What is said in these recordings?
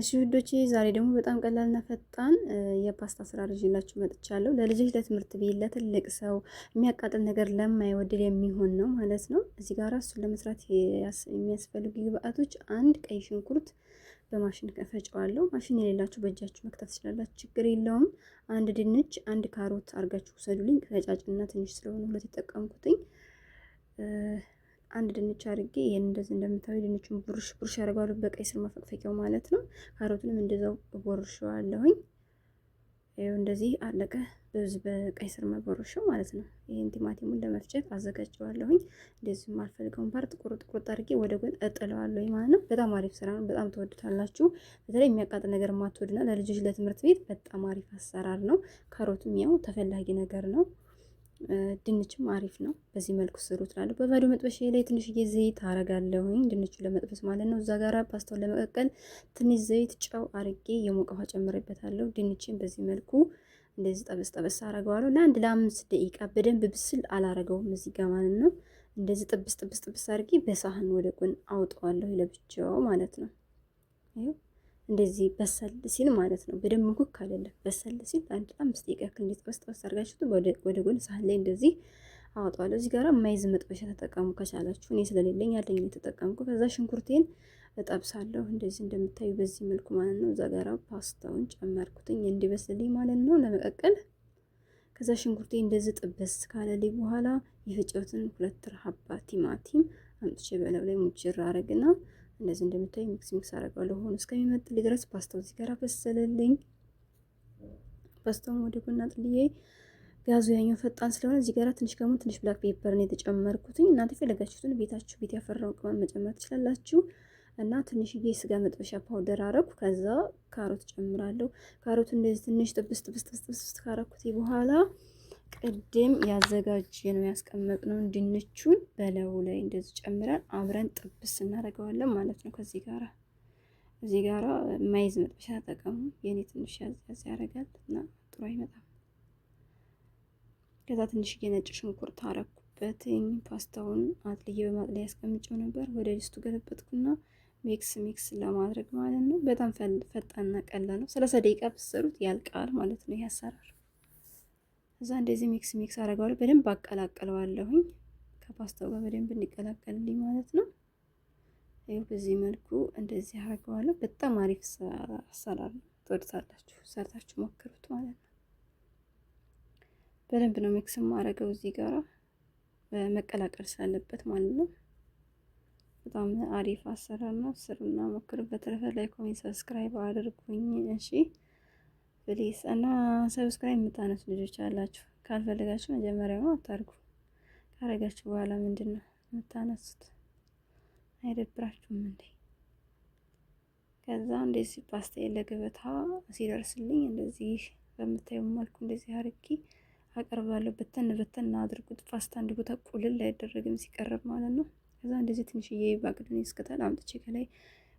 እሺ ውዶቼ ዛሬ ደግሞ በጣም ቀላልና ፈጣን የፓስታ አሰራር ይዤላችሁ መጥቻለሁ። ለልጆች ለትምህርት ቤት ለትልቅ ሰው የሚያቃጥል ነገር ለማይወድል የሚሆን ነው ማለት ነው። እዚህ ጋር እሱን ለመስራት የሚያስፈልጉ ግብአቶች፣ አንድ ቀይ ሽንኩርት በማሽን ከፈጨዋለሁ። ማሽን የሌላችሁ በእጃችሁ መክተፍ ትችላላችሁ፣ ችግር የለውም። አንድ ድንች፣ አንድ ካሮት አድርጋችሁ ውሰዱልኝ። ከጫጭና ትንሽ ስለሆነ ሁለት የጠቀምኩትኝ አንድ ድንች አድርጌ ይህን እንደዚህ እንደምታዩ ድንቹን ቡርሽ ቡርሽ አደርገዋለሁ፣ በቀይ ስር መፈቅፈቂያው ማለት ነው። ካሮቱንም እንደዛው ቦርሸዋለሁኝ። ይኸው እንደዚህ አለቀ። በዚህ በቀይ ስር መቦርሸው ማለት ነው። ይህን ቲማቲሙን ለመፍጨት አዘጋጀዋለሁኝ። እንደዚህ አልፈልገውን ፓርት ቁርጥ ቁርጥ አድርጌ ወደ ጎን እጥለዋለሁ ማለት ነው። በጣም አሪፍ ስራ ነው። በጣም ተወድታላችሁ በተለይ የሚያቃጥል ነገር ማትወድና ለልጆች ለትምህርት ቤት በጣም አሪፍ አሰራር ነው። ካሮቱም ያው ተፈላጊ ነገር ነው። ድንችም አሪፍ ነው። በዚህ መልኩ ስሩ ትላለሁ። በባዶ መጥበሻ ላይ ትንሽዬ ዘይት አረጋለሁኝ ድንቹ ለመጥበስ ማለት ነው። እዛ ጋራ ፓስታውን ለመቀቀል ትንሽ ዘይት፣ ጨው አርጌ የሞቀ ውሃ ጨምሬበታለሁ። ድንችን በዚህ መልኩ እንደዚህ ጠበስ ጠበስ አረገዋለሁ። ለአንድ ለአምስት ደቂቃ በደንብ ብስል አላረገውም እዚህ ጋር ማለት ነው። እንደዚህ ጥብስ ጥብስ ጥብስ አርጌ በሳህን ወደ ጎን አውጠዋለሁ ለብቻው ማለት ነው። እንደዚህ በሰል ሲል ማለት ነው። በደንብ እንኩክ አይደለም በሰል ሲል አንድ አምስት ደቂቃ ክንዲ ጥበስ ጥበስ አድርጋችሁ ወደ ጎን ሳህን ላይ እንደዚህ አወጣዋለሁ። እዚህ ጋር ማይዝ መጥበሻ ተጠቀሙ ከቻላችሁ። እኔ ስለሌለኝ ያለኝ የተጠቀምኩ። ከዛ ሽንኩርቴን እጠብሳለሁ እንደዚህ እንደምታዩ በዚህ መልኩ ማለት ነው። እዛ ጋር ፓስታውን ጨመርኩትኝ እንዲበስልኝ ማለት ነው ለመቀቀል ከዛ ሽንኩርቴ እንደዚህ ጥበስ ካለልኝ በኋላ የፈጨሁትን ሁለት ሀባ ቲማቲም አምጥቼ በላዩ ላይ ሙጭር አረግና እንደዚህ እንደምታዩ ሚክስ ሚክስ አደርጋለሁ። ሆኖ እስከሚመጥልኝ ድረስ ፓስታው እዚህ ጋር በሰለልኝ። ፓስታውን ወደ ጎን አጥልዬ ጋዙ ያኛው ፈጣን ስለሆነ እዚህ ጋር ትንሽ ከሙን ትንሽ ብላክ ፔፐር ነው የተጨመርኩትኝ። እናንተ የፈለጋችሁትን ቤታችሁ ቤት ያፈራውን ቅመም መጨመር ትችላላችሁ። እና ትንሽዬ ስጋ መጥበሻ ፓውደር አረኩ። ከዛ ካሮት ጨምራለሁ። ካሮት እንደዚህ ትንሽ ጥብስ ጥብስ ጥብስ ካረኩት በኋላ ቅድም ነው ያስቀመጥነውን ድንቹን በለው ላይ እንደዚህ ጨምረን አብረን ጥብስ እናደርገዋለን ማለት ነው። ከዚህ ጋር እዚህ ጋር ማይዝ መጥበሻ ተጠቀሙ። የኔ ትንሽ ያዝ ያደርጋል እና ጥሩ አይመጣም። ከዛ ትንሽ የነጭ ሽንኩርት አረኩበት። ፓስታውን አጥልዬ በማጥለያ ያስቀምጨው ነበር። ወደ ድስቱ ገለበጥኩና ሚክስ ሚክስ ለማድረግ ማለት ነው። በጣም ፈጣንና ቀላል ነው። ሰላሳ ደቂቃ ብትሰሩት ያልቃል ማለት ነው ይህ አሰራር። እዛ እንደዚህ ሚክስ ሚክስ አደርገዋለሁ። በደንብ አቀላቅለዋለሁኝ ከፓስታው ጋር በደንብ እንዲቀላቀልልኝ ማለት ነው። ይኸው በዚህ መልኩ እንደዚህ አደርገዋለሁ። በጣም አሪፍ አሰራር ነው። ትወዱታላችሁ፣ ሰርታችሁ ሞክሩት ማለት ነው። በደንብ ነው ሚክስ ማረገው እዚህ ጋራ መቀላቀል ስላለበት ማለት ነው። በጣም አሪፍ አሰራር ነው። ስሩና ሞክሩ። በተረፈ ላይ ኮሜንት፣ ሰብስክራይብ አድርጉኝ እሺ። ፕሊስ። እና ሰብስክራይብ የምታነሱ ልጆች አላችሁ፣ ካልፈለጋችሁ መጀመሪያ አታርጉ። ካረጋችሁ በኋላ ምንድን ነው የምታነሱት? አይደብራችሁም እንዴ? ከዛ እንደዚህ ፓስታ ገበታ ሲደርስልኝ እንደዚህ በምታየው መልኩ እንደዚህ አርኪ አቀርባለሁ። በተን በተን አድርጉት። ፓስታ አንድ ቁልል አይደረግም ሲቀረብ ማለት ነው። ከዛ እንደዚህ ትንሽዬ ባቅድኔ እስከታል አምጥቼ ከላይ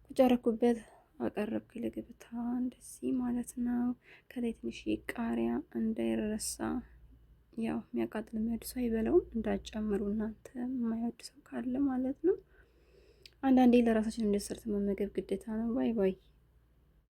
ቁጭ አረኩበት። አቀረብክ ለገበታ እንደዚህ ማለት ነው። ከላይ ትንሽ ቃሪያ እንዳይረሳ። ያው የሚያቃጥል የሚወድ አይበለውም፣ እንዳጨምሩ እናንተ የማያድሰው ካለ ማለት ነው። አንዳንዴ ለራሳችን እንደሰርት መመገብ ግዴታ ነው። ባይ ባይ